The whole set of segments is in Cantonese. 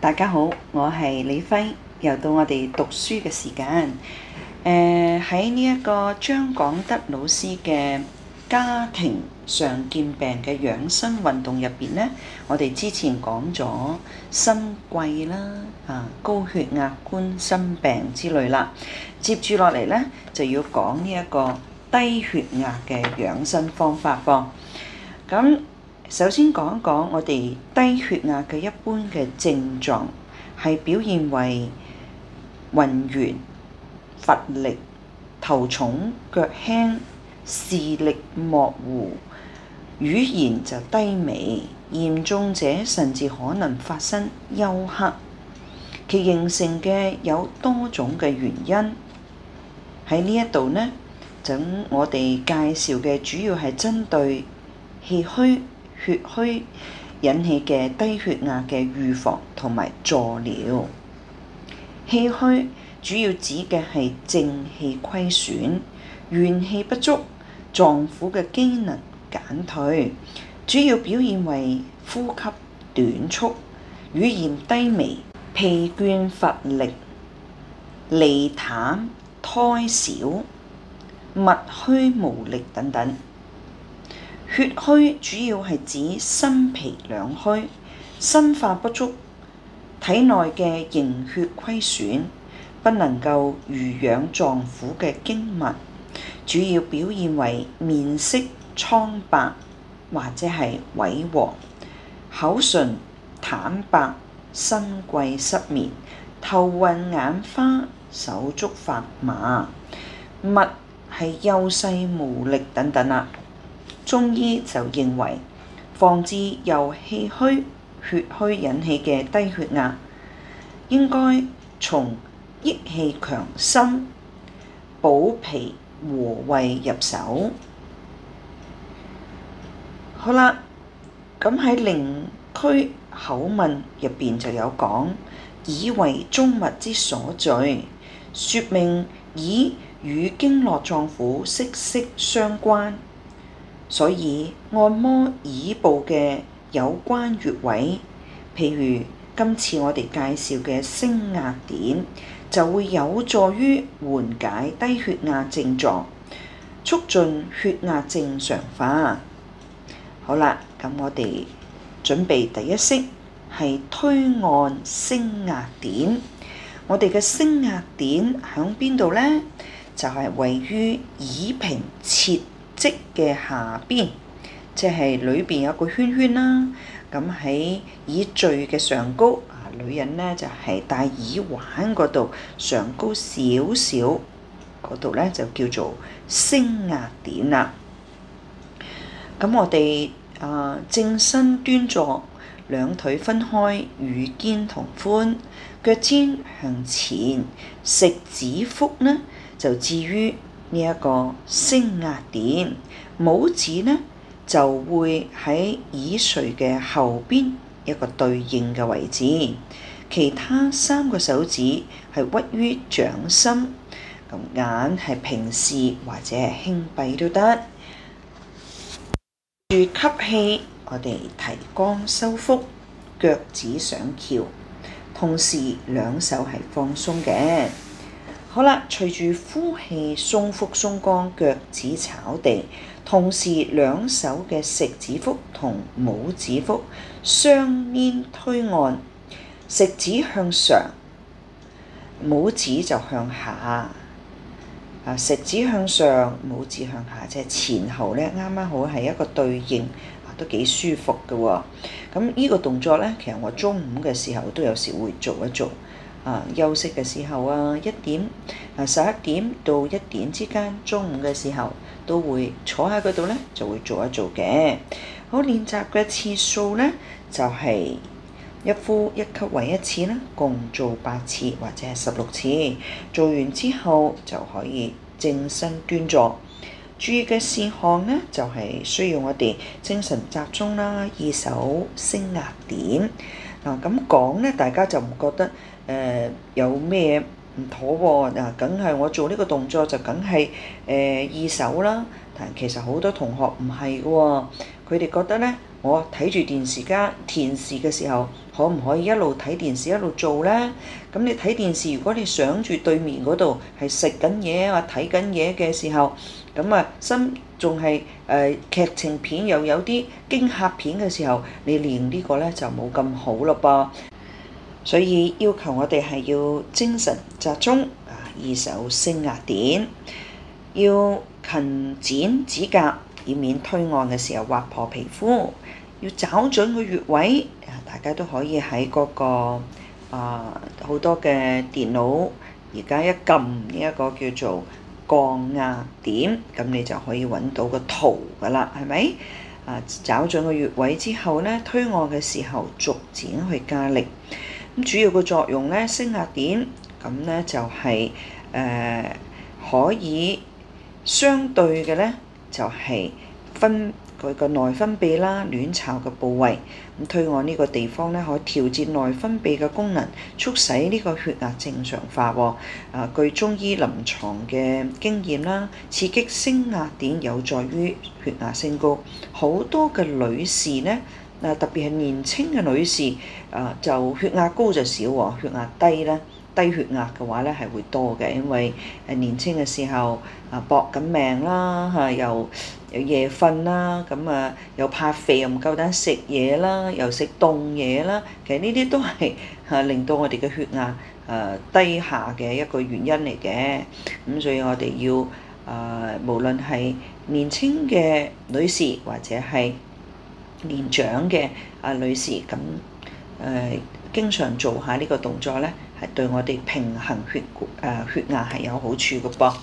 大家好，我係李輝，又到我哋讀書嘅時間。誒，喺呢一個張廣德老師嘅家庭常見病嘅養生運動入邊咧，我哋之前講咗心悸啦、啊高血壓、冠心病之類啦，接住落嚟咧就要講呢一個低血壓嘅養生方法噃。咁首先講一講我哋低血壓嘅一般嘅症狀，係表現為暈眩、乏力、頭重腳輕、視力模糊、語言就低微，嚴重者甚至可能發生休克。其形成嘅有多種嘅原因，喺呢一度呢，就我哋介紹嘅主要係針對氣虛。血虛引起嘅低血壓嘅預防同埋助療，氣虛主要指嘅係正氣虧損、元氣不足、臟腑嘅機能減退，主要表現為呼吸短促、語言低微、疲倦乏力、脷淡、苔少、脈虛無力等等。血虛主要係指心脾兩虛，生化不足，體內嘅營血虧損，不能夠濡養臟腑嘅經脈，主要表現為面色蒼白或者係萎黃，口唇淡白，心悸失眠，頭暈眼花，手足發麻，脈係幼細無力等等啦。中醫就認為，防治由氣虛、血虛引起嘅低血壓，應該從益氣強心、補脾和胃入手。好啦，咁喺《靈樞口問》入邊就有講，以胃中物之所聚，説明以與經絡臟腑息息相關。所以按摩耳部嘅有關穴位，譬如今次我哋介紹嘅升壓點，就會有助於緩解低血壓症狀，促進血壓正常化。好啦，咁我哋準備第一式係推按升壓點。我哋嘅升壓點響邊度咧？就係位於耳屏切。即嘅下邊，即係裏邊有個圈圈啦。咁喺耳墜嘅上高，啊、呃，女人呢就係戴耳環嗰度上高少少嗰度呢就叫做升壓點啦。咁我哋啊、呃，正身端坐，兩腿分開與肩同寬，腳尖向前，食指腹呢就置於。呢一個升壓點，拇指呢就會喺耳垂嘅後邊一個對應嘅位置，其他三個手指係屈於掌心，咁眼係平視或者係輕閉都得。住吸氣，我哋提肛收腹，腳趾上翹，同時兩手係放鬆嘅。好啦，隨住呼氣，鬆腹鬆肛，腳趾炒地，同時兩手嘅食指腹同拇指腹雙肩推按，食指向上，拇指就向下。啊，食指向上，拇指向下，即係前後咧，啱啱好係一個對應，都幾舒服嘅喎、哦。咁呢個動作咧，其實我中午嘅時候都有時會做一做。啊，休息嘅時候啊，一點啊，十一點到一點之間，中午嘅時候都會坐喺嗰度咧，就會做一做嘅。好，練習嘅次數咧，就係一呼一吸為一次啦，共做八次或者係十六次。做完之後就可以正身端坐。注意嘅事項咧，就係需要我哋精神集中啦，二手升壓點。嗱咁講咧，大家就唔覺得？誒、呃、有咩唔妥喎、哦？嗱、啊，梗係我做呢個動作就梗係誒二手啦。但其實好多同學唔係嘅喎，佢哋覺得咧，我睇住電視家電視嘅時候，可唔可以一路睇電視一路做咧？咁你睇電視，如果你想住對面嗰度係食緊嘢或睇緊嘢嘅時候，咁啊心仲係誒劇情片又有啲驚嚇片嘅時候，你練呢個咧就冇咁好嘞噃。所以要求我哋係要精神集中啊！二手升壓點，要勤剪指甲，以免推按嘅時候劃破皮膚。要找準個穴位啊！大家都可以喺嗰個啊好、呃、多嘅電腦而家一撳呢一個叫做降壓點，咁你就可以揾到個圖㗎喇，係咪啊？找準個穴位之後咧，推按嘅時候逐漸去加力。咁主要嘅作用咧，升壓點，咁咧就係、是、誒、呃、可以相對嘅咧，就係、是、分佢個內分泌啦、卵巢嘅部位。咁推按呢個地方咧，可以調節內分泌嘅功能，促使呢個血壓正常化。啊、呃，據中醫臨床嘅經驗啦，刺激升壓點有助於血壓升高。好多嘅女士咧。嗱，特別係年輕嘅女士，啊、呃、就血壓高就少喎，血壓低咧，低血壓嘅話咧係會多嘅，因為誒年輕嘅時候啊搏緊命啦，嚇、啊、又又夜瞓啦，咁啊又怕肥又唔夠膽食嘢啦，又食凍嘢啦，其實呢啲都係嚇、啊、令到我哋嘅血壓誒、呃、低下嘅一個原因嚟嘅，咁、啊、所以我哋要誒、呃、無論係年輕嘅女士或者係，年長嘅啊女士，咁誒、呃、經常做下呢個動作咧，係對我哋平衡血管、呃、血壓係有好處嘅噃。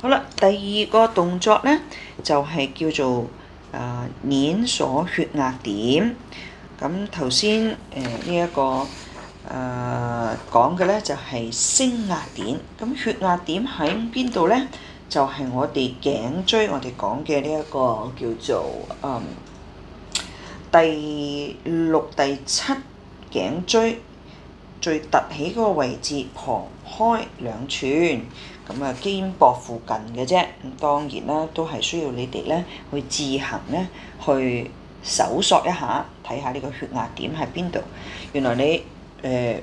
好啦，第二個動作咧就係、是、叫做啊捏鎖血壓點。咁頭先誒呢一個誒講嘅咧就係、是、升壓點。咁血壓點喺邊度咧？就係、是、我哋頸椎我講、這個，我哋講嘅呢一個叫做誒。嗯第六、第七頸椎最凸起嗰個位置旁開兩寸，咁啊肩膊附近嘅啫。咁當然啦，都係需要你哋咧，去自行咧去搜索一下，睇下你個血壓點喺邊度。原來你誒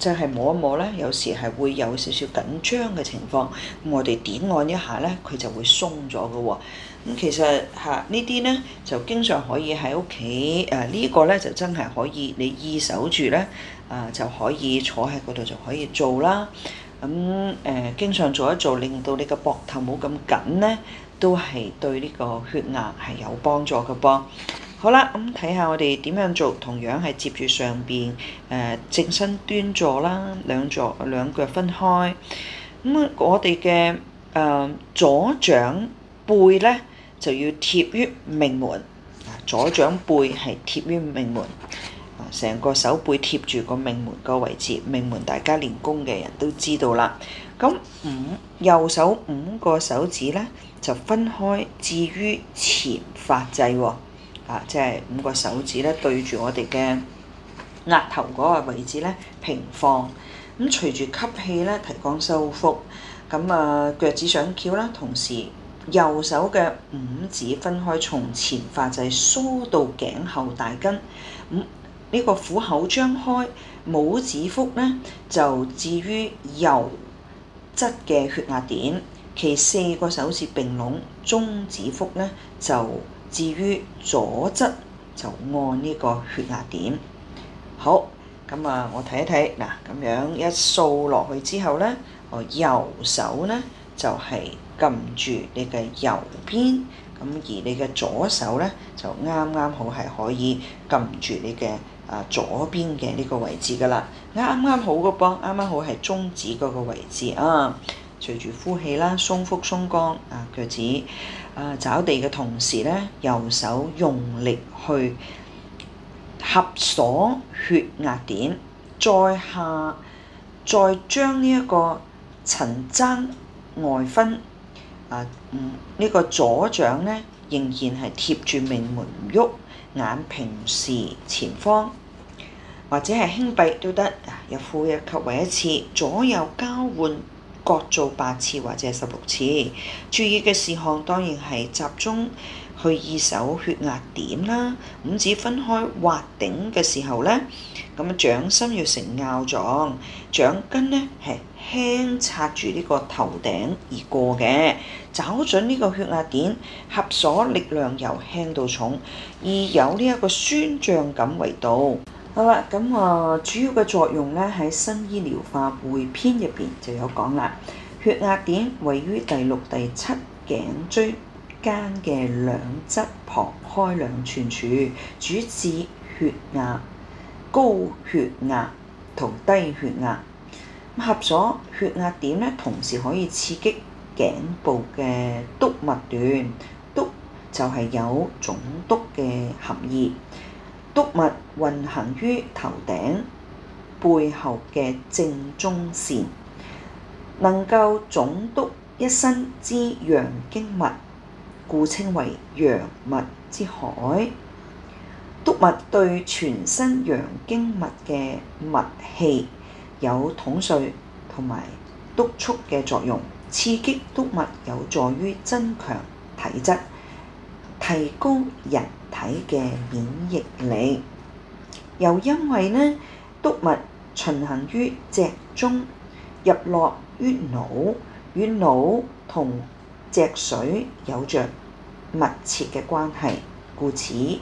即係摸一摸咧，有時係會有少少緊張嘅情況。咁我哋點按一下咧，佢就會鬆咗㗎喎。咁其實嚇呢啲咧就經常可以喺屋企，誒呢個咧就真係可以你依守住咧，啊就可以坐喺嗰度就可以做啦。咁誒經常做一做，令到你個膊頭冇咁緊咧，都係對呢個血壓係有幫助嘅噃。好啦，咁睇下我哋點樣做，同樣係接住上邊，誒正身端坐啦，兩坐兩腳分開。咁我哋嘅誒左掌背咧。就要貼於命門，啊左掌背係貼於命門，成個手背貼住個命門個位置。命門大家練功嘅人都知道啦。咁五右手五個手指咧就分開，置於前髮際喎，啊即係五個手指咧對住我哋嘅額頭嗰個位置咧平放。咁隨住吸氣咧提肛收腹，咁啊腳趾上翹啦，同時。右手嘅五指分開，從前髮際梳到頸後大筋。呢個虎口張開，拇指腹呢就置於右側嘅血壓點，其四個手指並攏，中指腹呢就置於左側就按呢個血壓點。好，咁啊，我睇一睇，嗱，咁樣一掃落去之後呢，我右手呢就係。撳住你嘅右邊，咁而你嘅左手咧就啱啱好係可以撳住你嘅啊左邊嘅呢個位置㗎喇，啱啱好嘅噃，啱啱好係中指嗰個位置啊。隨住呼氣啦，鬆腹鬆肛啊腳趾啊抓地嘅同時咧，右手用力去合鎖血壓點，再下再將呢一個陳踭外分。啊，嗯，呢、這個左掌呢，仍然係貼住命門唔喐，眼平視前方，或者係輕閉都得，啊，一呼一吸為一次，左右交換。各做八次或者十六次，注意嘅事項當然係集中去二手血壓點啦。五指分開，滑頂嘅時候咧，咁掌心要成拗狀，掌根咧係輕擦住呢個頭頂而過嘅，找準呢個血壓點，合鎖力量由輕到重，而有呢一個酸脹感為度。好啦，咁、嗯、啊，主要嘅作用咧喺新醫療法匯編入邊就有講啦。血壓點位於第六、第七頸椎間嘅兩側旁開兩寸處，主治血壓高血壓同低血壓。咁合咗血壓點咧，同時可以刺激頸部嘅督脈段，督就係有總督嘅含義。督脈運行於頭頂、背後嘅正中線，能夠總督一身之陽經脈，故稱為陽脈之海。督脈對全身陽經脈嘅脈氣有統帥同埋督促嘅作用，刺激督脈有助於增強體質，提高人體嘅免疫力，又因為呢，督脈循行於脊中，入落於腦，與腦同脊髓有着密切嘅關係，故此呢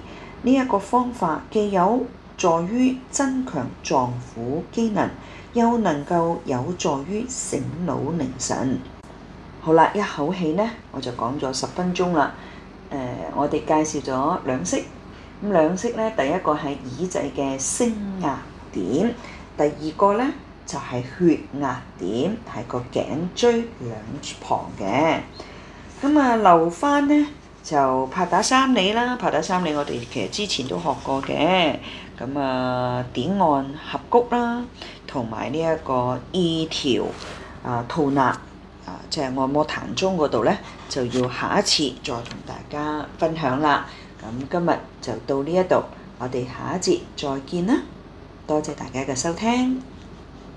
一個方法既有助於增強臟腑機能，又能夠有助於醒腦寧神。好啦，一口氣呢我就講咗十分鐘啦。誒、呃，我哋介紹咗兩式。咁兩式咧，第一個係耳仔嘅升壓點，第二個咧就係、是、血壓點，係個頸椎兩旁嘅。咁、嗯、啊，留翻咧就拍打三里啦，拍打三里我哋其實之前都學過嘅。咁、嗯、啊，點按合谷啦，同埋呢一個二、e、條啊，吐納。啊，即係按摩膻中嗰度咧，就要下一次再同大家分享啦。咁今日就到呢一度，我哋下一節再見啦。多謝大家嘅收聽。